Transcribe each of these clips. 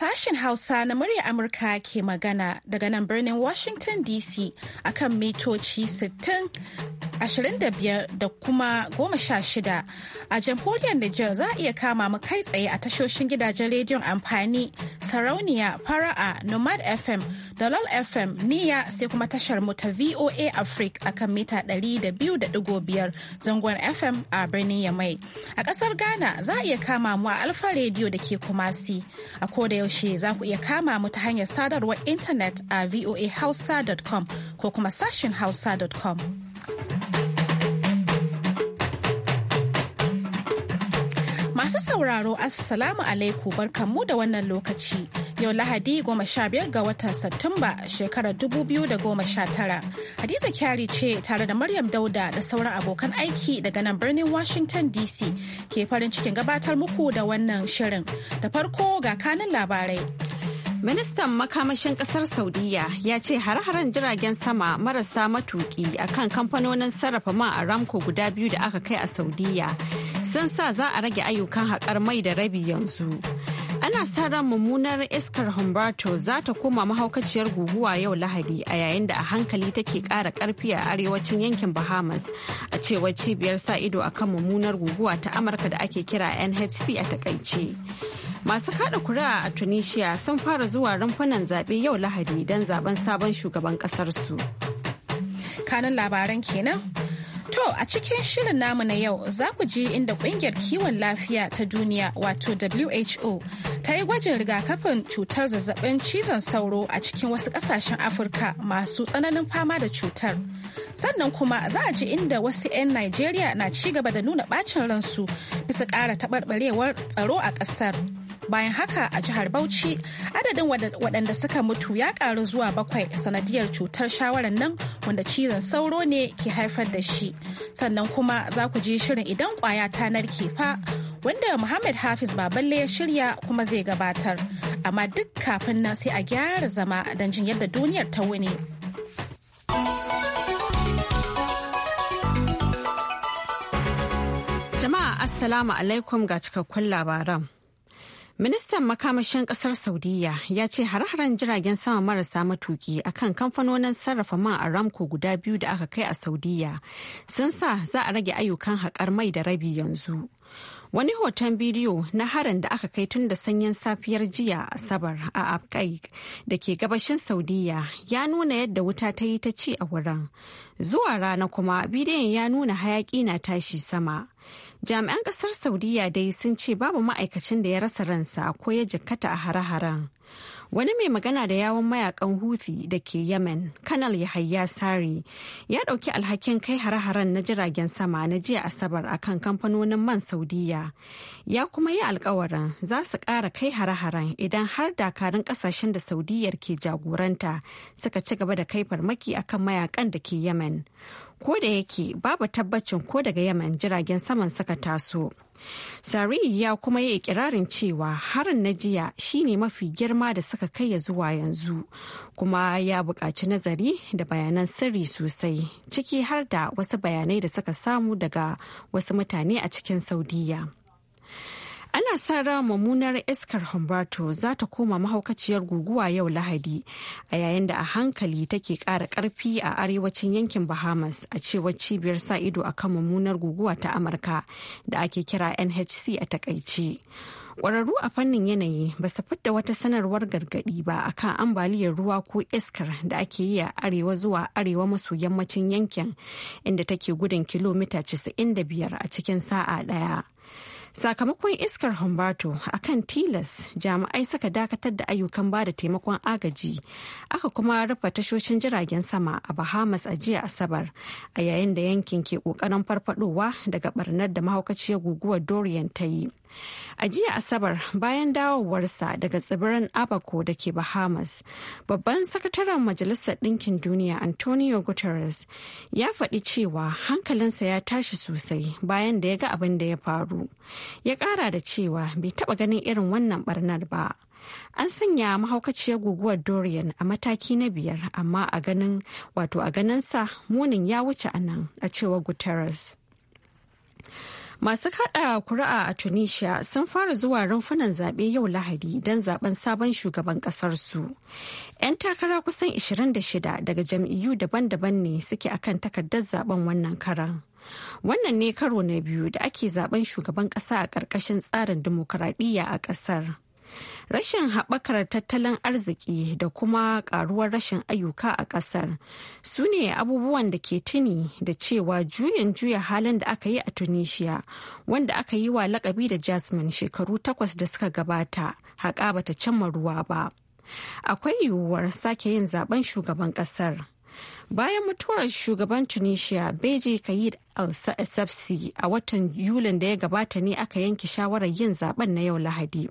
Sashen Hausa na murya Amurka ke magana daga nan birnin Washington DC akan mitoci 60, 25 da kuma 16. A jamhuriyar Nijar za a iya kama mu kai tsaye a tashoshin gidajen rediyon amfani sarauniya fara'a Nomad FM da FM niya sai kuma tashar mu ta VOA Africa akan mita 200.5 zangon FM a birnin Yamai. A kasar Ghana za a iya kama mu a Alfa rediyo da ke Kumasi. A koda yaushe za ku iya kama mu ta hanyar sadarwar intanet a voahausa.com ko kuma sashin hausa.com. Masu sauraro Assalamu alaikum barkanmu da wannan lokaci. Yau Lahadi goma sha biyar ga watan Satumba shekarar dubu biyu da goma sha tara. Hadiza Kyari ce tare da Maryam Dauda da sauran abokan aiki daga nan birnin Washington DC ke farin cikin gabatar muku da wannan shirin. Da farko ga kanin labarai. Ministan makamashin kasar Saudiya ya ce har-haren jiragen sama marasa matuki akan kamfanonin sarrafa man Aramco guda biyu da aka kai a Saudiya. sun sa za a rage ayyukan haƙar mai da rabi yanzu. Ana sa ran mummunar iskar Humberto za ta koma mahaukaciyar guguwa yau Lahadi a yayin da a hankali take ƙara ƙarfi a arewacin yankin Bahamas a cewar cibiyar sa ido a kan mummunar guguwa ta Amurka da ake kira NHC a takaice. Masu kada kuri'a a Tunisia sun fara zuwa rumfunan zaɓe yau Lahadi don zaben sabon shugaban ƙasarsu. Kanan labaran kenan. To a cikin shirin namu na yau za ku ji inda kungiyar kiwon lafiya ta duniya wato WHO ta yi gwajin rigakafin cutar zazzabin cizon sauro a cikin wasu kasashen Afirka masu tsananin fama da cutar. Sannan kuma za a ji inda wasu 'yan Najeriya na ci gaba da nuna bacin ransu bisa ƙara taɓarɓarewar tsaro a ƙasar. bayan haka a jihar bauchi adadin waɗanda suka mutu ya ƙaru zuwa bakwai sanadiyar cutar shawarar nan wanda cizon sauro ne ke haifar da shi sannan kuma za ku je shirin idan kwaya ta narke fa wanda muhammad hafiz baballe ya shirya kuma zai gabatar amma duk kafin nan sai a gyara zama don jin yadda duniyar ta wuni. Jama'a Assalamu alaikum ga cikakkun labaran. Ministan makamashin kasar Saudiyya ya ce har-haren jiragen sama marasa matuki akan kamfanonin sarrafa man Aramco guda biyu da aka kai a Saudiyya sun sa za a rage ayyukan haƙar mai da rabi yanzu. Wani hoton bidiyo na harin da aka kai tun da sanyin safiyar jiya Asabar a Abkai da ke gabashin Saudiya ya nuna yadda wuta ta yi ta ci a wurin. Zuwa rana kuma bidiyon ya nuna hayaki na tashi sama. Jami'an kasar Saudiya dai sun ce babu ma'aikacin da ya rasa ransa ko ya jikkata a hare-haren. wani mai magana da yawon mayakan huthi da ke yemen kanal yahaya sari ya dauki alhakin kai hare-haren na jiragen sama na jiya asabar akan kamfanonin man saudiya ya kuma yi alkawarin za su kara kai hare-haren idan har dakarun kasashen da saudiyar ke jagoranta suka ci gaba da kai farmaki akan mayakan da ke yemen ko da yake babu tabbacin ko daga yemen jiragen saman suka taso sari ya kuma yi ikirarin cewa harin na jiya shine mafi girma da suka kai ya zuwa yanzu kuma ya buƙaci nazari da bayanan sirri sosai ciki har da wasu bayanai da suka samu daga wasu mutane a cikin Saudiya. ana sa ran mummunar iskar humberto za ta koma mahaukaciyar guguwa yau lahadi a yayin da a hankali take kara karfi a arewacin yankin bahamas a cewar cibiyar sa ido akan mummunar guguwa ta amurka da ake kira nhc a takaice kwararru a fannin yanayi ba su fidda wata sanarwar gargadi ba akan ambaliyar ruwa ko iskar da ake yi a arewa zuwa arewa maso yammacin yankin inda take gudun kilomita 95 a cikin sa'a ɗaya. sakamakon iskar humbato kan tilas jami'ai saka dakatar da ayyukan ba da taimakon agaji aka kuma rufe tashoshin jiragen sama a bahamas a jiya asabar a yayin da yankin ke kokarin farfadowa daga barnar da mahaukaciyar guguwar dorian ta yi A jiya Asabar bayan dawowarsa daga tsibirin Abaco da ke Bahamas, babban sakataren Majalisar Ɗinkin Duniya Antonio Guterres ya faɗi cewa hankalinsa ya tashi sosai bayan da ya ga abin da ya faru. Ya ƙara da cewa bai taɓa ganin irin wannan barnar ba. An sanya mahaukaciyar guguwar Dorian a mataki na biyar amma a ganin wato a ganinsa munin ya wuce a nan a cewar Guterres. Masu kada kuri'a a Tunisia sun fara zuwa rumfunan zaɓe yau Lahadi don zaben sabon shugaban su 'Yan takara kusan 26 daga jam'iyyu daban-daban ne suke akan takardar zaben wannan karan. Wannan ne karo na biyu da ake zaben shugaban ƙasa a ƙarƙashin tsarin dimokuraɗiyya a ƙasar. rashin haɓakar tattalin arziki da kuma ƙaruwar rashin ayyuka a ƙasar su ne abubuwan da ke tuni da cewa juyin juya halin da aka yi a tunisia wanda aka yi wa lakabi da jasmine shekaru takwas da suka gabata haƙa bata cimma ruwa ba akwai yiwuwar sake yin zaben shugaban ƙasar bayan mutuwar shugaban tunisia beji kayid al-safsi a watan yulin da ya gabata ne aka yanke shawarar yin zaben na yau lahadi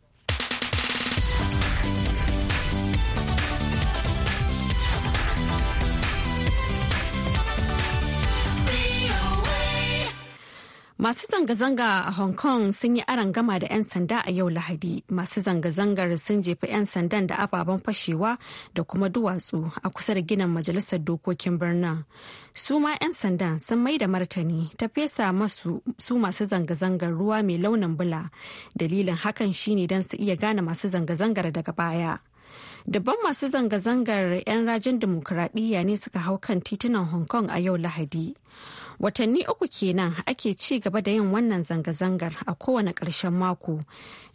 Masu zanga-zanga a Hong Kong sun yi aron gama da 'yan sanda a yau Lahadi. Masu zanga-zangar sun jefa 'yan sandan da ababen fashewa da kuma duwatsu a kusa da ginin majalisar dokokin birnin. Su ma 'yan sandan sun mai da martani ta fesa masu su masu zanga-zangar ruwa mai launin bula. Dalilin hakan shine don su iya gane masu zanga-zangar daga baya. Dabban masu zanga-zangar 'yan rajin dimokuraɗiyya ne suka hau kan titunan Hong Kong a yau Lahadi. watanni uku kenan ake ci gaba da yin wannan zanga-zangar a kowane ƙarshen mako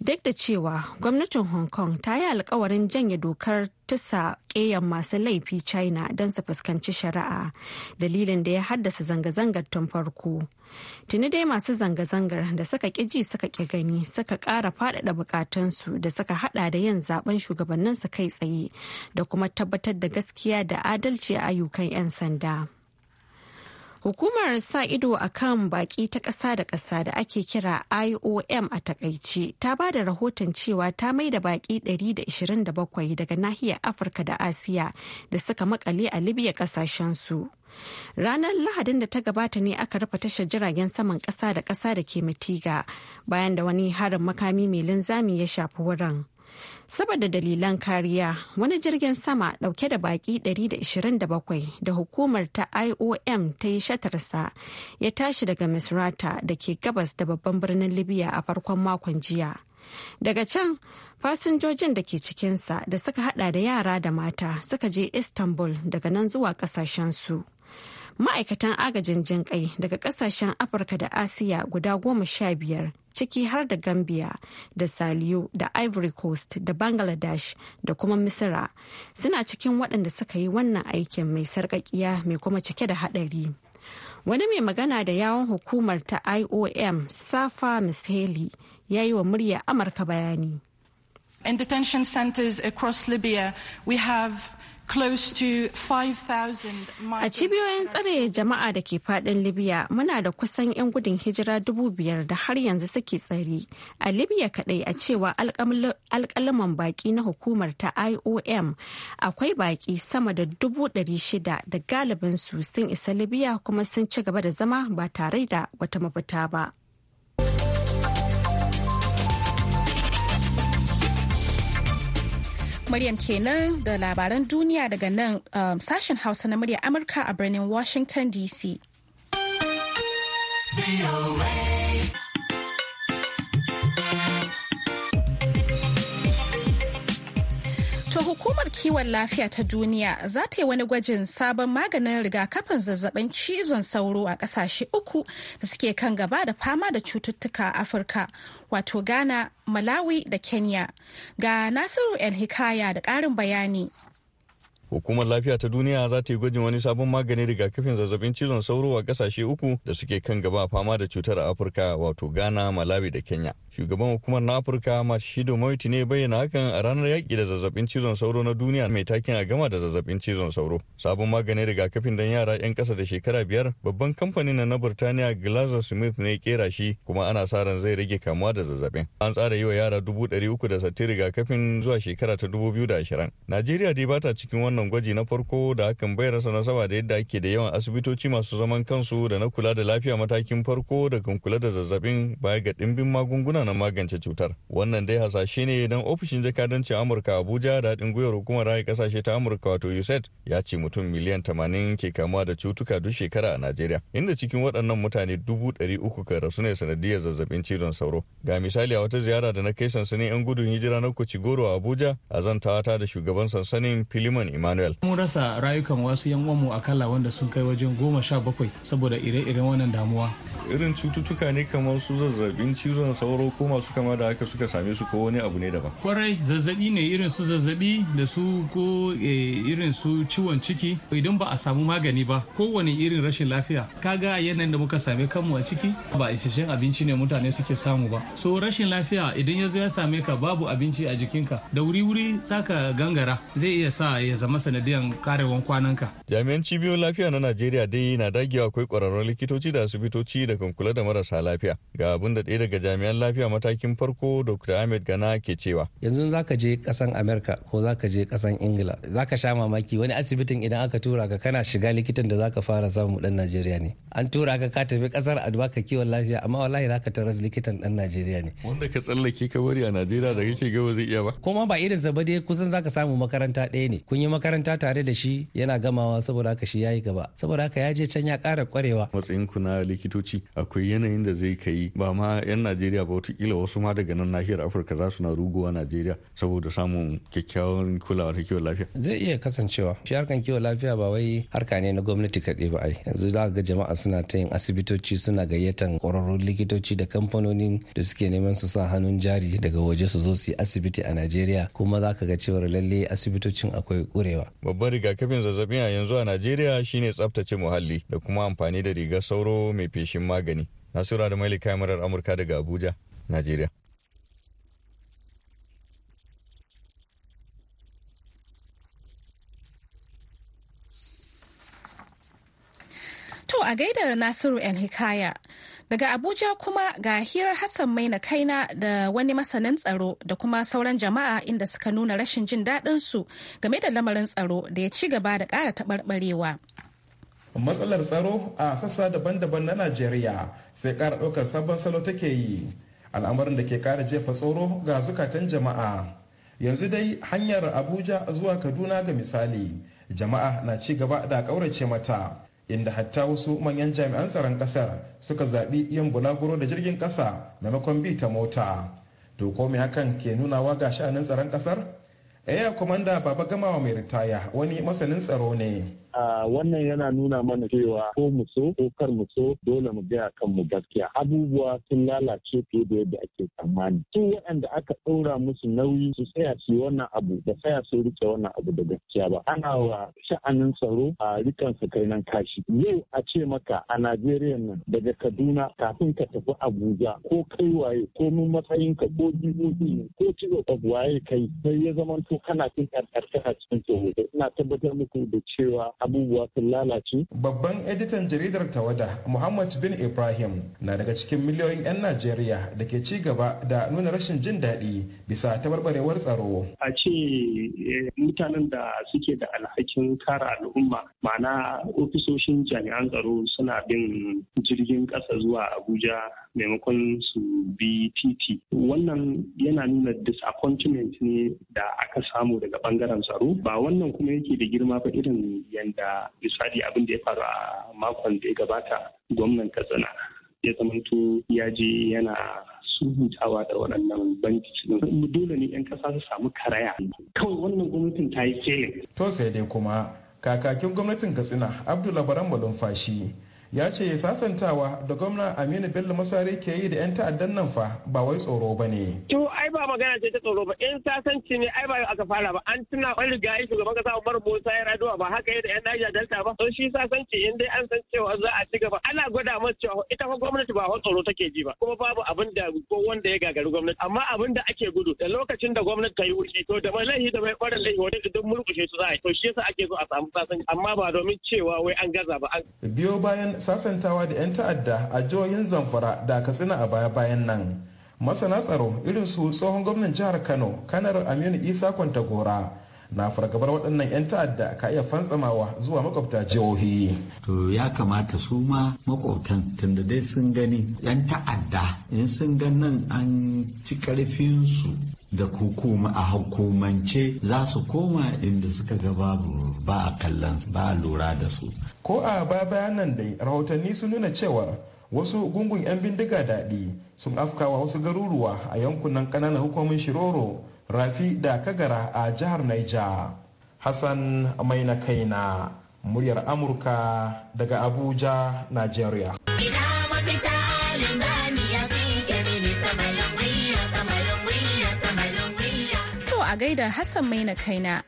duk da cewa gwamnatin hong kong ta yi alkawarin janye dokar tusa saƙeyan masu laifi china don su fuskanci shari'a dalilin da ya haddasa zanga-zangar tun farko tuni dai masu zanga-zangar da suka ƙi ji suka ƙi gani suka ƙara faɗaɗa buƙatunsu da suka haɗa da yin zaben shugabanninsu kai tsaye da kuma tabbatar da gaskiya da adalci a ayyukan 'yan sanda. Hukumar sa ido a kan baƙi ta ƙasa da ƙasa da ake kira IOM a takaice ta ba da rahoton cewa ta mai da baƙi 127 daga nahiyar Afirka da Asiya da suka makale a Libya su, Ranar Lahadin da ta gabata ne aka rufe tashar jiragen saman ƙasa da ƙasa da ke Mitiga bayan da wani harin makami mai linzami ya shafi wurin. saboda dalilan kariya wani jirgin sama dauke da baki 127 da hukumar ta iom ta yi shatarsa ya tashi daga misrata da ke gabas da babban birnin libya a farkon makon jiya daga can fasinjojin da ke cikinsa da suka hada da yara da mata suka je istanbul daga nan zuwa kasashensu ma'aikatan agajin jinƙai daga ƙasashen afirka da asiya guda goma sha biyar ciki har da gambia da saliyo da ivory coast da bangladesh da kuma misira suna cikin waɗanda suka yi wannan aikin mai sarƙaƙiya mai kuma cike da haɗari wani mai magana da yawon hukumar ta iom safa misheli ya yi wa murya amurka bayani in detention centers across libya we have A cibiyoyin tsare jama'a da ke fadin Libya muna da kusan 'yan gudun hijira dubu biyar da har yanzu suke tsari. A Libya kadai a cewa alkalaman baki na hukumar ta IOM akwai baki sama da dubu ɗari shida da galibinsu sun isa Libya kuma sun ci gaba da zama ba tare da wata mafita ba. Maryam kenan da labaran duniya daga nan um, sashen Hausa na murya Amurka a birnin Washington DC. To hukumar kiwon lafiya ta duniya za ta yi wani gwajin sabon maganin rigakafin zazzabin cizon sauro a kasashe uku da suke kan gaba da fama da cututtuka a Afirka wato Ghana, Malawi da Kenya. Ga Nasiru El Hikaya da ƙarin bayani. Hukumar Lafiya ta Duniya za ta yi gwajin wani sabon magani rigakafin zazzabin cizon sauro a kasashe uku da suke kan gaba a fama da cutar a Afirka wato Ghana, Malawi da Kenya. Shugaban hukumar na Afirka Mashido Moiti ne bayyana hakan a ranar yaƙi da zazzabin cizon sauro na duniya mai takin a gama da zazzabin cizon sauro. Sabon magani rigakafin don yara 'yan kasa da shekara biyar babban kamfanin na na Burtaniya Glazer Smith ne kera shi kuma ana sa ran zai rage kamuwa da zazzabin. An tsara yi wa yara dubu ɗari uku da sati rigakafin zuwa shekara ta dubu biyu da ashirin. Najeriya dai ba cikin wannan wannan gwaji na farko da hakan bai rasa nasaba da yadda ake da yawan asibitoci masu zaman kansu da na kula da lafiya matakin farko da kan kula da zazzabin baya ga ɗimbin magunguna na magance cutar wannan dai hasashe ne don ofishin jakadancin amurka abuja da haɗin gwiwar hukumar rayu ƙasashe ta amurka wato usaid ya ce mutum miliyan tamanin ke kamuwa da cutuka duk shekara a najeriya inda cikin waɗannan mutane dubu ɗari uku kan rasu ne sanadiyar zazzabin cizon sauro ga misali a wata ziyara da na kai sansanin 'yan gudun hijira na kuci goro a abuja a zantawa ta da shugaban sansanin filiman imam Emmanuel. Mun rasa rayukan wasu yan uwanmu kala wanda sun kai wajen goma sha bakwai saboda ire-iren wannan damuwa. Irin cututtuka ne kamar su zazzabin cizon sauro ko masu kama da haka suka same su ko wani abu ne daban. Kwarai zazzabi ne irin su zazzabi da su ko eh, irin su ciwon ciki idan ba a samu magani ba kowane irin rashin lafiya ka kaga yanayin da muka same kanmu a ciki ba isasshen abinci ne mutane suke samu ba. So rashin lafiya idan ya zo ya same ka babu abinci a jikinka da wuri-wuri saka gangara zai iya sa ya zama zama sanadiyan karewan kwananka. Jami'an cibiyoyin lafiya na Najeriya dai na dagewa akwai kwararrun likitoci da asibitoci da kan kula da marasa lafiya. Ga abin da ɗaya daga jami'an lafiya matakin farko Dr. Ahmed Gana ke cewa. Yanzu za ka je ƙasan Amerika ko za ka je ƙasan Ingila za ka sha mamaki wani asibitin idan aka tura ka kana shiga likitan da za ka fara samu ɗan Najeriya ne. An tura ka ka tafi ƙasar a baka kiwon lafiya amma wallahi za ka taras likitan ɗan Najeriya ne. Wanda ka tsallake ka bari a Najeriya da kake gaba zai iya ba. Kuma ba sa ba dai kusan za ka samu makaranta ɗaya ne kun yi makaranta makaranta tare da shi yana gamawa saboda haka shi yayi gaba saboda haka ya je can ya ƙara kwarewa. matsayin ku na likitoci akwai yanayin da zai kai ba ma yan Najeriya ba watakila wasu ma daga nan nahiyar Afirka za su na rugowa Najeriya saboda samun kyakkyawan kulawa ta kiwon lafiya zai iya kasancewa shi harkan kiwon lafiya ba wai harka ne na gwamnati kaɗai ba ai yanzu za ga jama'a suna ta yin asibitoci suna gayyatan ƙwararrun likitoci da kamfanonin da suke neman su sa hannun jari daga waje su zo su yi asibiti a Najeriya kuma za ka ga cewa lalle asibitocin akwai ƙurewa kamewa. Babban rigakafin zazzabin a yanzu a Najeriya shine tsaftace muhalli da kuma amfani da rigar sauro mai feshin magani. Nasura da Maili kamarar Amurka daga Abuja, Najeriya. To a gaida Nasiru El Hikaya. Daga Abuja kuma ga hirar Hassan Maina Kaina da wani masanin tsaro da kuma sauran jama'a inda suka nuna rashin jin daɗin su game da lamarin tsaro da ya ci gaba da ƙara taɓarɓarewa. Matsalar tsaro a sassa daban-daban na Najeriya sai ƙara ɗaukar sabon salo take yi. Al'amarin da ke kara jefa tsoro ga zukatan jama'a. Yanzu dai hanyar Abuja zuwa Kaduna ga misali, jama'a na ci gaba da ƙaurace mata. inda hatta wasu manyan jami'an tsaron kasar suka zaɓi yin bulaguro da jirgin ƙasa maimakon bi ta mota to ko me hakan ke nunawa ga sha'anin tsaron kasar Eya Komanda Baba Gamawa mai ritaya wani masanin tsaro ne. wannan yana nuna mana cewa ko mu so ko kar mu so dole mu gaya kan mu gaskiya abubuwa sun lalace fiye da yadda ake tsammani su waɗanda aka ɗaura musu nauyi su tsaya su wannan abu da tsaya su rike wannan abu da gaskiya ba ana wa sha'anin tsaro a rikan su kai nan kashi yau a ce maka a Najeriya nan daga Kaduna kafin ka tafi Abuja ko kai waye ko mun matsayin ka ko jihohi ko cigo waye kai sai ya zama to kana cin ƙarƙashin cikin ina tabbatar muku da cewa abubuwa sun lalace. Babban editan jaridar tawada Muhammad bin Ibrahim na daga cikin miliyoyin 'yan Najeriya da ke ci gaba da nuna rashin jin daɗi bisa tabarbarewar tsaro. A ce eh, mutanen da suke da alhakin kare al'umma ma'ana ofisoshin jami'an tsaro suna bin jirgin ƙasa zuwa Abuja maimakon su bi titi. Wannan yana nuna disappointment ne da aka samu daga ɓangaren tsaro ba wannan kuma yake da girma fa irin da misali abin da ya faru a makon da ya gabata gwamnan katsina ya zamanto ya je yana surutawa da waɗannan banki dole ne 'yan ƙasa su samu karaya kawai wannan gwamnatin ta yi kele. to sai dai kuma kakakin gwamnatin katsina abdullah baran fashi ya ce sasantawa da gwamna aminu bello masari ke yi da 'yan ta'addan nan fa ba wai tsoro ba ne. to ai ba magana ce ta tsoro ba in sasanci ne ai ba aka fara ba an tuna an riga shugaban kasa umar musa ya raduwa ba haka yi da 'yan a delta ba to shi sasanci in dai an san cewa za a ci gaba ana gwada masu cewa ita fa gwamnati ba wa tsoro take ji ba kuma babu abin da ko wanda ya gagari gwamnati amma abin da ake gudu da lokacin da gwamnati ta yi wuce to da mai laifi da mai kwarin laifi wani idan mulkushe su za a yi to shi yasa ake so a samu sasanci amma ba domin cewa wai an gaza ba. biyo bayan sasantawa da 'yan ta'adda a jihohin zamfara da katsina a baya-bayan nan masana tsaro irin su tsohon gwamnan jihar kano kanar aminu isa kwantagora na fargabar waɗannan 'yan ta'adda ka iya fantsamawa zuwa makwabta jihohi. To ya kamata su ma makwabtan tunda dai sun gani 'yan ta'adda in sun ga nan an ci karfin su da hukuma a hukumance za su koma inda suka ga babu ba a kallon ba a lura da su ko a ba nan dai rahotanni sun nuna cewa wasu gungun 'yan bindiga daɗi sun afkawa wasu garuruwa a yankunan ƙananan hukumin shiroro rafi da kagara a jihar naija hassan mai na kaina muryar amurka daga abuja nigeria Ina mafita a gaida Hassan Maina kaina.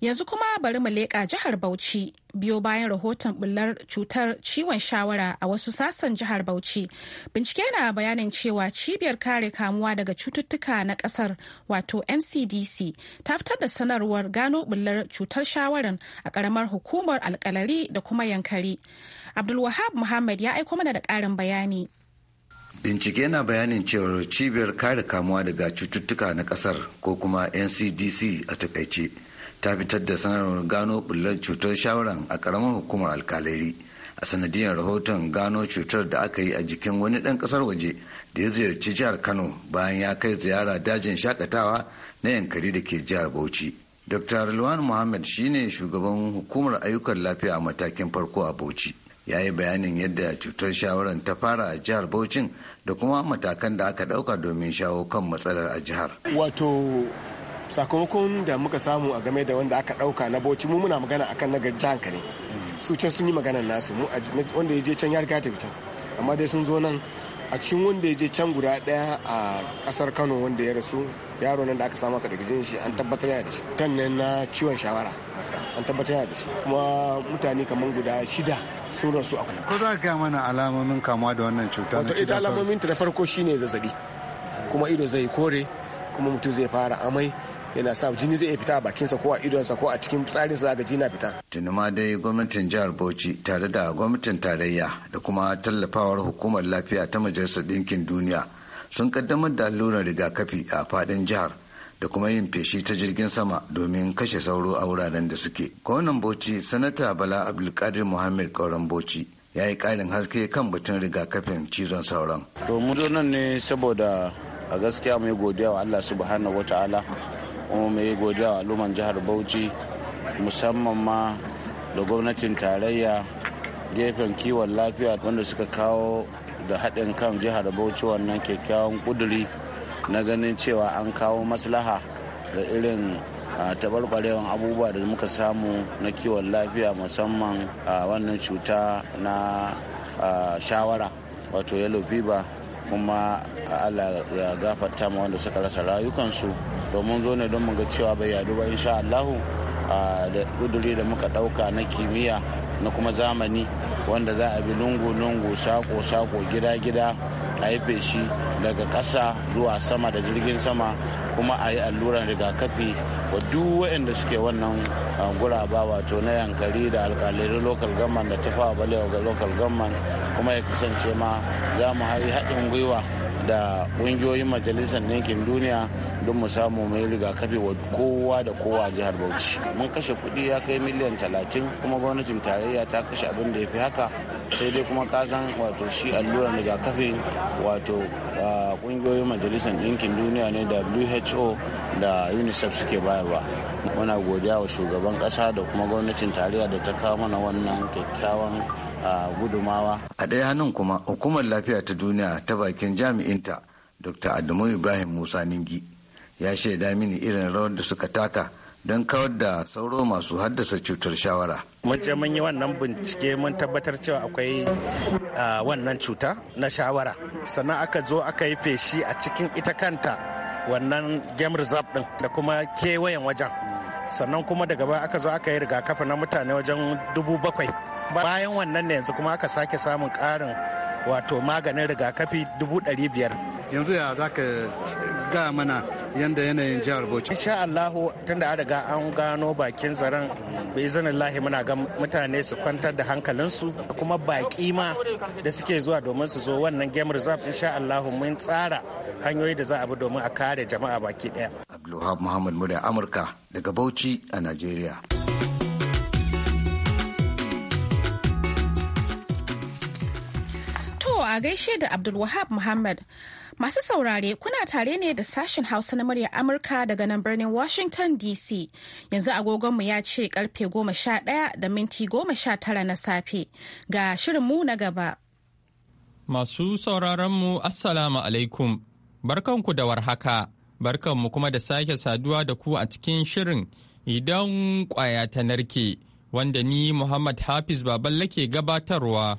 Yanzu kuma bari mu leƙa jihar Bauchi biyo bayan rahoton bullar cutar ciwon shawara a wasu sassan jihar Bauchi. Bincike na bayanin cewa cibiyar kare kamuwa daga cututtuka na ƙasar wato NCDC ta fitar da sanarwar gano bullar cutar shawaran a ƙaramar hukumar alƙalari da kuma yankari. Abdulwahab Muhammad ya aiko mana da ƙarin bayani. bincike na bayanin cewar cibiyar kare kamuwa daga cututtuka na kasar ko kuma ncdc a takaice ta fitar da sanarwar gano bullar cutar shawaran a karamar hukumar alkaleri a sanadiyar rahoton gano cutar da aka yi a jikin wani ɗan ƙasar waje da ya ziyarci jihar kano bayan ya kai ziyara dajin shakatawa na yankari da ke jihar bauchi dr luwan muhammad shine shugaban hukumar ayyukan lafiya a matakin farko a bauchi ya yi bayanin yadda cutar shawarar ta fara a jihar Bauchin da kuma matakan da aka ɗauka domin shawo kan matsalar a jihar. Wato sakamakon da muka samu a game da wanda aka ɗauka na Bauchi mu muna magana akan na jihar ne. Su can sun yi maganar nasu wanda ya je can ya riga ta fita amma dai sun zo nan a cikin wanda ya je can guda daya a kasar kano wanda ya rasu yaro nan da aka samu aka daga jin shi an tabbatar da shi kan na ciwon shawara an tabbatar da shi kuma mutane kamar guda shida sun rasu a kuma. ko za ka mana alamomin kamuwa da wannan cuta na cuta alamomin ta na farko shine zazzabi kuma ido zai kore kuma mutum zai fara amai yana sa jini zai fita a bakinsa ko a idonsa ko a cikin tsarinsa ga jini fita. Tuni ma dai gwamnatin jihar Bauchi tare da gwamnatin tarayya da kuma tallafawar hukumar lafiya ta Majalisar Ɗinkin Duniya sun kaddamar da allurar rigakafi a fadin jihar. da kuma yin feshi ta jirgin sama domin kashe sauro a wuraren da suke. Gwamnan Bauchi Sanata Bala Abdulkadir Muhammad Kauran Bauchi ya yi ƙarin haske kan batun rigakafin cizon sauran. To mu zo nan ne saboda a gaskiya mai godiya wa Allah subhanahu wa ta'ala kuma mai godiya wa al'umman jihar Bauchi musamman ma da gwamnatin tarayya gefen kiwon lafiya wanda suka kawo da haɗin kan jihar Bauchi wannan kyakkyawan ƙuduri na ganin cewa an kawo maslaha ga irin tabarbarewan abubuwa da muka samu na kiwon lafiya musamman a wannan cuta na shawara wato yellow fever kuma allah ya gafarta ma wanda suka rasa rayukansu domin zo ne don mu ga cewa bai yadu ba insha allahu da kuduri da muka ɗauka na kimiyya na kuma zamani wanda za a bi lungu-lungu sako-sako gida-gida a haife shi daga ƙasa zuwa sama da jirgin sama kuma a yi alluran rigakafi wa duk waɗanda suke wannan ah, guraba wato na yankari da alkalai local government da wa balewa ga local government kuma ya kasance ma za mu yi haɗin gwiwa da ƙungiyoyin majalisar yankin duniya don mu samu mai rigakafi wa kowa da kowa jihar bauchi mun kashe kuɗi ya kai miliyan talatin kuma gwamnatin tarayya ta kashe abin da ya fi haka sai dai kuma kasan wato shi alluran rigakafin wato kungiyoyin majalisar ɗinkin duniya ne who da unicef suke bayarwa muna godiya wa shugaban ƙasa da kuma gwamnatin tarayya da ta kawo mana wannan kyakkyawan gudumawa a ɗaya hannun kuma hukumar lafiya ta duniya ta bakin jami'inta dr adamu ibrahim musa ningi ya shaida mini irin rawar da suka taka don kawar da sauro masu haddasa cutar shawara. mun je mun yi wannan bincike mun tabbatar cewa akwai wannan cuta na shawara sannan aka zo aka yi feshi a cikin ita kanta wannan game reserve din da kuma kewayen wajen sannan kuma daga baya aka zo aka yi rigakafi na mutane wajen dubu bakwai bayan wannan ne yanzu kuma aka sake samun ƙarin wato maganin rigakafi dubu ɗari biyar yanzu ya za ka ga mana yanda yanayin jihar bauchi insha allahu tunda da riga an gano bakin zaren bai zanen lahi muna ga mutane su kwantar da hankalinsu da kuma baki ma da suke zuwa domin su zo wannan game reserve insha allahu mun tsara hanyoyi da za a bi domin a kare jama'a baki daya abdulwahab muhammad muda amurka daga bauchi a nigeria a gaishe da Abdulwahab Muhammad. Masu saurare kuna tare ne da sashen Hausa na muryar Amurka daga nan birnin Washington DC. Yanzu agogonmu ya ce karfe goma sha ɗaya da minti goma sha tara na safe ga shirinmu na gaba. Masu sauraronmu Assalamu alaikum, barkanku da warhaka, barkanmu kuma da sake saduwa da ku a cikin shirin idan kwaya ta narke, wanda ni Muhammad Hafiz Baballe ke gabatarwa.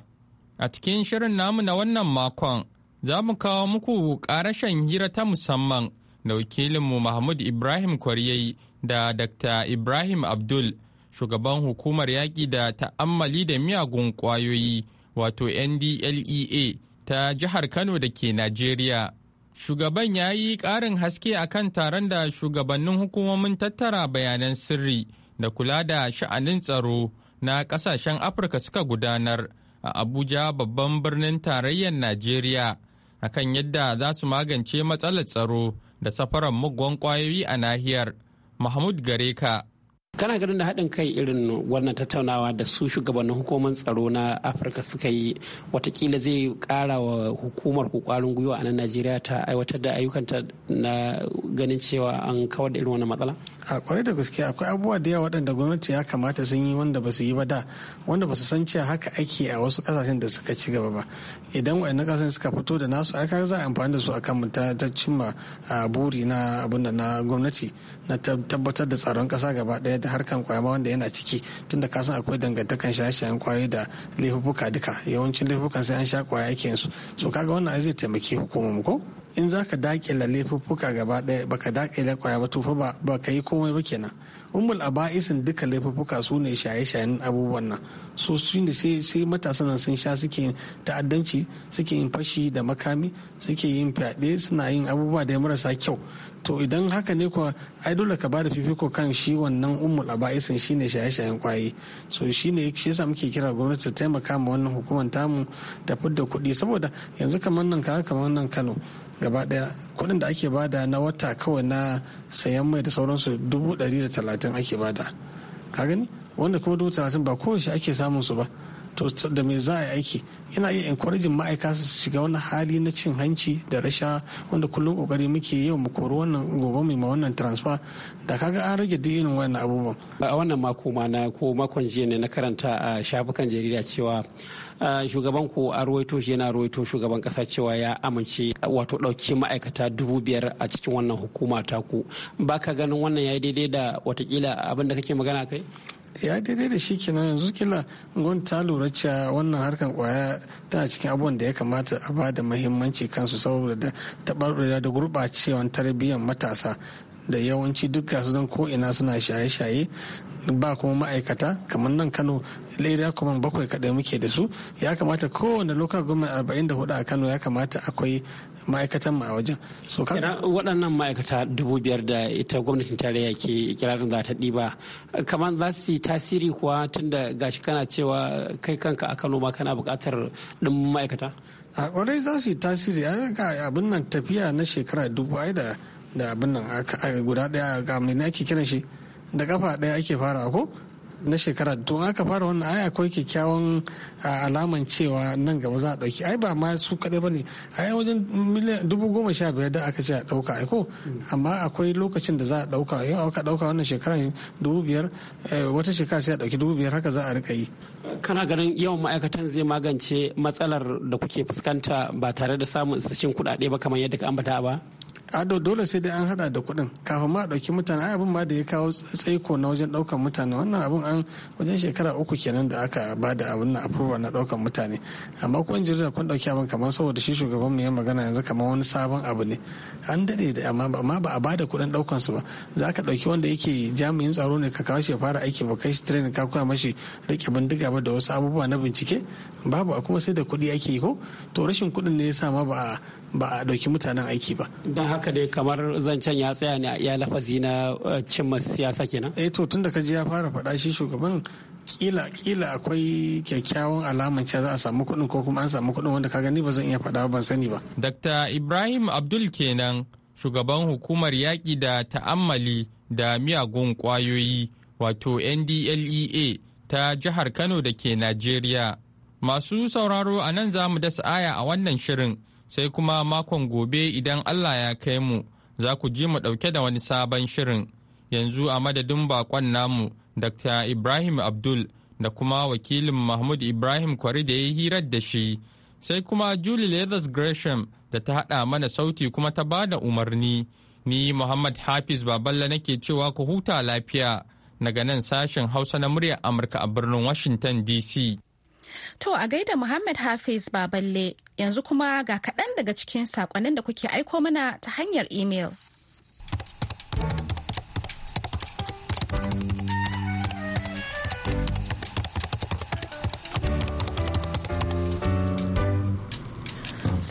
A cikin shirin namu na wannan makon. za mu kawo muku karashen hira ta musamman da wakilinmu Mahmud Ibrahim Kwariyai da Dr. Ibrahim Abdul, shugaban hukumar yaƙi da ta'ammali da miyagun ƙwayoyi, wato NDLEA ta jihar Kano da ke Najeriya. Shugaban ya yi ƙarin haske a kan taron da shugabannin hukumomin tattara bayanan sirri da kula da sha'anin tsaro na ƙasashen Afirka suka gudanar a Abuja babban birnin tarayyar Najeriya. akan yadda za su magance matsalar tsaro da safaran mugwan kwayoyi a nahiyar mahmud gareka kana ganin da haɗin kai irin wannan tattaunawa da su shugabannin hukumar tsaro na afirka suka yi watakila zai kara wa hukumar ku gwiwa a nan najeriya ta aiwatar da ayyukanta na ganin cewa an kawar da irin wannan matsala a kwarai da gaske akwai abubuwa da yawa waɗanda gwamnati ya kamata sun yi wanda ba su yi ba da wanda ba su san cewa haka ake a wasu kasashen da suka ci gaba ba idan waɗannan ƙasashen suka fito da nasu aka za a amfani da su akan ta cimma buri na abin da na gwamnati na tabbatar da tsaron kasa gaba ɗaya da harkan kwaya wanda yana ciki tunda ka san akwai dangantakan shaye kwayoyi da laifuka duka yawancin laifukan sai an sha kwaya yake su so kaga wannan zai taimaki hukumar ko in za ka dakila laifuffuka gaba ɗaya baka dakila kwaya ba tufa ba ba ka yi komai ba kenan umul aba'isin duka laifuffuka su ne shaye-shayen abubuwan nan so su ne sai matasan nan sun sha suke ta'addanci suke yin fashi da makami suke yin fyaɗe suna yin abubuwa da marasa kyau to idan haka ne kuwa ai dole ka bada fifiko kan shi wannan ummul aba'isin shine shaye-shayen kwayi so shine shi yasa muke kira gwamnati ta taimaka ma wannan hukumar tamu da fidda kuɗi saboda yanzu kamar nan ka kamar nan Kano gaba daya kuɗin da ake bada na wata kawai na sayan mai da sauransu dubu ɗari da talatin ake bada ka gani wanda kuma dubu talatin ba kowace ake samun su ba to da me za a yi aiki yana iya encouraging ma'aika su shiga wani hali na cin hanci da rasha wanda kullum kokari muke yau mu kori wannan gobe mai ma wannan transfer da kaga an rage duk irin wannan abubuwan a wannan mako ma na ko makon jiya ne na karanta a shafukan jarida cewa shugaban ku a ruwaito shi yana ruwaito shugaban kasa cewa ya amince wato dauki ma'aikata dubu biyar a cikin wannan hukuma ta ku ba ka ganin wannan ya yi daidai da watakila abin da kake magana kai ya daidai da shi kenan yanzu kila gun ta lura cewa wannan harkar kwaya tana cikin abubuwan da ya kamata a ba da mahimmanci kansu saboda da taɓarɓarewa da gurɓacewan tarbiyyar matasa da yawanci duk gasu don ko ina suna shaye-shaye ba kuma ma'aikata kamar nan kano area kuma bakwai kaɗai muke da su ya kamata kowane local government arba'in da hudu a kano ya kamata akwai ma'aikatan ma a wajen. waɗannan ma'aikata dubu biyar da ita gwamnatin tarayya ke kirarin za ta ɗiba kamar za su yi tasiri kuwa tunda gashi kana cewa kai kanka a kano ma kana buƙatar ɗin ma'aikata. a kwarai za su yi tasiri a abin nan tafiya na shekara dubu ai da da abin nan guda daya a ne ake kiran shi da kafa daya ake fara ko na shekara tun aka fara wannan ai akwai kyakkyawan alaman cewa nan gaba za a ɗauki ai ba ma su kadai ba ne ai wajen miliyan dubu goma sha biyar da aka ce a ɗauka aiko amma akwai lokacin da za a ɗauka yau aka ɗauka wannan shekara dubu biyar eh, wata shekara sai a ɗauki dubu biyar haka za a rika yi. kana ganin yawan ma'aikatan zai magance matsalar da kuke fuskanta ba tare da samun isasshen kuɗaɗe ba kamar yadda ka ambata ba. ado dole sai dai an hada da kuɗin kafin ma a ɗauki mutane ai abin ma da ya kawo tsaiko na wajen ɗaukan mutane wannan abin an wajen shekara uku kenan da aka ba da abin na approval na ɗaukan mutane amma kun jirgin kun ɗauki abin kamar saboda shi shugaban mu ya magana yanzu kamar wani sabon abu ne an daɗe da amma ba a ba da kuɗin ɗaukan su ba za ka ɗauki wanda yake jami'in tsaro ne ka kawo shi ya fara aiki ba kai shi training ka koya mashi rike bindiga ba da wasu abubuwa na bincike babu a kuma sai da kuɗi ake yi ko to rashin kuɗin ne ya sa ma ba a ba a ɗauki mutanen aiki ba. Don haka dai kamar zancen ya tsaya ne a iya lafazi na eh, cimma siyasa kenan? Eh to tun da ka ji ya fara faɗa shi shugaban kila kila akwai kyakkyawan alaman cewa za a samu kuɗin ko kuma an samu kuɗin wanda ka gani ba zan iya faɗa ban sani ba. Dr. Ibrahim Abdul kenan shugaban hukumar yaƙi da ta'ammali da miyagun ƙwayoyi wato NDLEA ta jihar Kano da ke Najeriya. Masu sauraro a nan za mu dasa aya a wannan shirin sai kuma makon gobe idan Allah ya kai mu za ku ji mu ɗauke da wani sabon shirin yanzu a madadin bakon namu Dr. Ibrahim Abdul da kuma wakilin Mahmud Ibrahim Kwari da ya yi hirar da shi sai kuma Julie Leathers Gresham da ta haɗa mana sauti kuma ta ba da umarni ni Muhammad Hafiz Baballa nake cewa ku huta lafiya daga nan sashen Hausa na muryar Amurka a birnin Washington DC. To a gaida Muhammad Hafiz Baballe Yanzu kuma ga kaɗan daga cikin saƙonnin da kuke aiko mana ta hanyar email.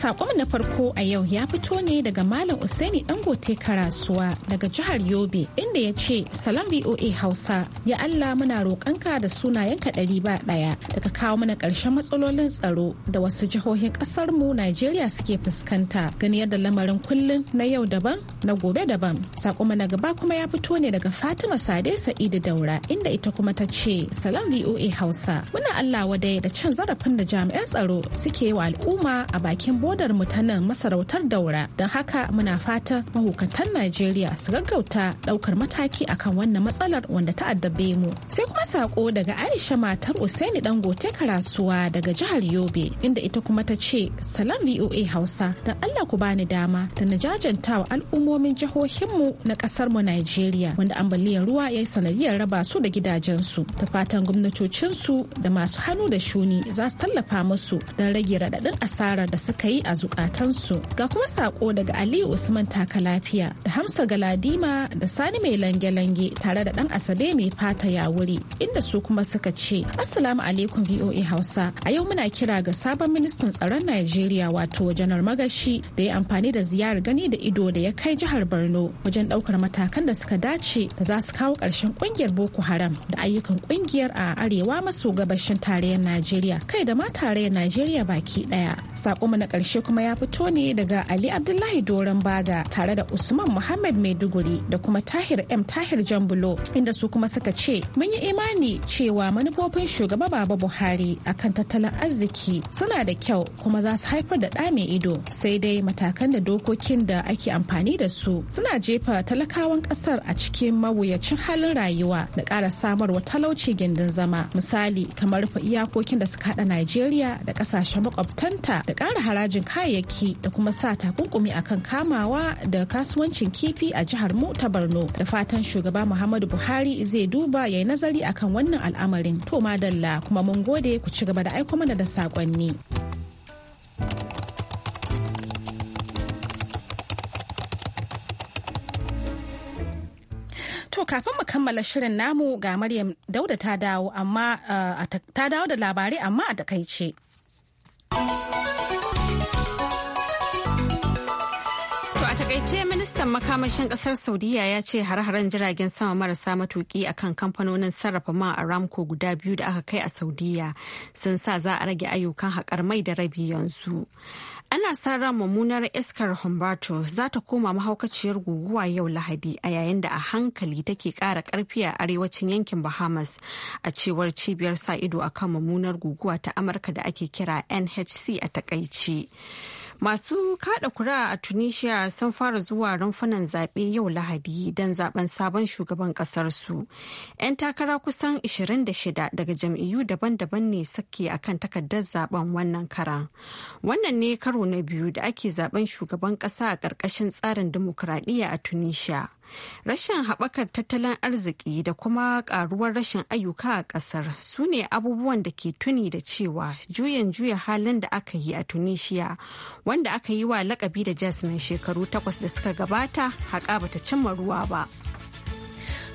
Sakonmu na farko a yau ya fito ne daga Malam Usaini Dangote Karasuwa daga jihar Yobe inda ya ce Salam BOA Hausa ya Allah muna roƙanka da sunayenka ɗari ba ɗaya daga kawo mana ƙarshen matsalolin tsaro da wasu jihohin ƙasar mu Najeriya suke fuskanta gani yadda lamarin kullum na yau daban na gobe daban. Sakonmu na gaba kuma ya fito ne daga Fatima Sade Sa'idu Daura inda ita kuma ta ce Salam BOA Hausa muna Allah wadai da cin zarafin da jami'an tsaro suke wa al'umma a bakin hodar mu ta nan masarautar daura don haka muna fatan mahukantan najeriya su gaggauta daukar mataki akan wannan matsalar wanda ta addabe mu sai kuma sako daga aisha matar usaini dangote karasuwa daga jihar yobe inda ita kuma ta ce salam voa hausa don allah ku bani dama da na jajanta wa al'ummomin jihohinmu na kasar mu najeriya wanda ambaliyar ruwa ya yi sanadiyar raba su da gidajensu ta fatan gwamnatocin su da masu hannu da shuni za su tallafa musu don rage raɗaɗin asarar da suka yi a zukatansu ga kuma sako daga aliyu usman taka lafiya da hamsa galadima da sani mai lange-lange tare da dan asabe mai fata ya wuri inda su kuma suka ce assalamu alaikum voa hausa a yau muna kira ga sabon ministan tsaron najeriya wato janar magashi da ya amfani da ziyarar gani da ido da ya kai jihar borno wajen daukar matakan da suka dace da za su kawo ƙarshen ƙungiyar boko haram da ayyukan ƙungiyar a arewa maso gabashin tarayyar najeriya kai da ma tarayyar najeriya baki daya sakon na ƙarshe ƙarshe kuma ya fito ne daga Ali Abdullahi Doron Baga tare da Usman Muhammad Maiduguri da kuma Tahir M Tahir Jambulo inda su kuma suka ce mun yi imani cewa manufofin shugaba Baba Buhari akan tattalin arziki suna da kyau kuma za su haifar da ɗa mai ido sai dai matakan da dokokin da ake amfani da su suna jefa talakawan ƙasar a cikin mawuyacin halin rayuwa da ƙara samarwa talauci gindin zama misali kamar rufe iyakokin da suka haɗa Najeriya da ƙasashen makwabtanta da ƙara harajin cin kayayyaki da kuma sa takunkumi akan kamawa da kasuwancin kifi a jihar mu ta Borno. Da fatan shugaba Muhammadu Buhari zai duba ya yi nazari akan wannan al'amarin. To madalla kuma mun gode ku ci gaba da aiko mana da sakonni. To kafin mu kammala shirin namu ga Maryam Dauda ta dawo amma eh, ta dawo da labarai amma a takaice. ministan makamashin kasar saudiya ya ce har-haren jiragen sama marasa matuki akan kamfanonin sarrafa man aramco guda biyu da aka kai a saudiya sun sa za a rage ayyukan haƙar mai da rabi yanzu ana sa ran mummunar iskar humberto za ta koma mahaukaciyar guguwa yau lahadi a yayin da a hankali take ƙara karfi a arewacin yankin bahamas a cewar cibiyar sa ido akan mummunar guguwa ta amurka da ake kira nhc a takaice Masu kada kura a Tunisia sun fara zuwa rumfunan zaɓe yau Lahadi don zaben sabon shugaban su 'Yan takara kusan 26 daga jam'iyyu daban-daban ne suke akan takardar zaben wannan karan. Wannan ne karo na biyu da ake zaben shugaban ƙasa a ƙarƙashin tsarin dimokuraɗiyya a Tunisia. Rashin haɓakar tattalin arziki da kuma ƙaruwar rashin ayyuka a ƙasar su ne abubuwan da ke tuni da cewa juyin juya halin da aka yi a Tunisia wanda aka yi wa lakabi da jasmin shekaru takwas da suka gabata haƙa bata cimma ruwa ba.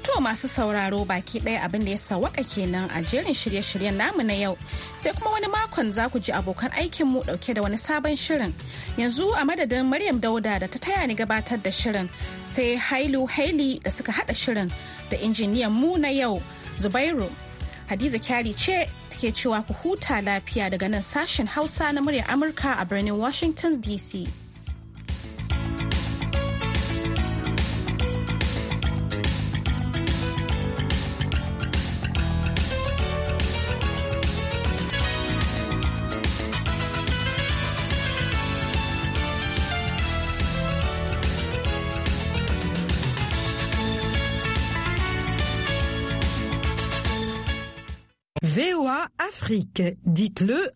To masu sauraro baki ɗaya abin da ya sawaka kenan a jerin shirye-shiryen namu na yau. Sai kuma wani makon za ku ji abokan aikin mu ɗauke da wani sabon shirin. Yanzu a madadin Maryam Dauda da ta taya ni gabatar da shirin sai Hailu Haili da suka haɗa shirin da injiniyan mu na yau Zubairu. Hadiza Kyari ce take cewa ku huta lafiya daga nan sashen Hausa na murya Amurka a birnin Washington DC. Afrique. Dites-le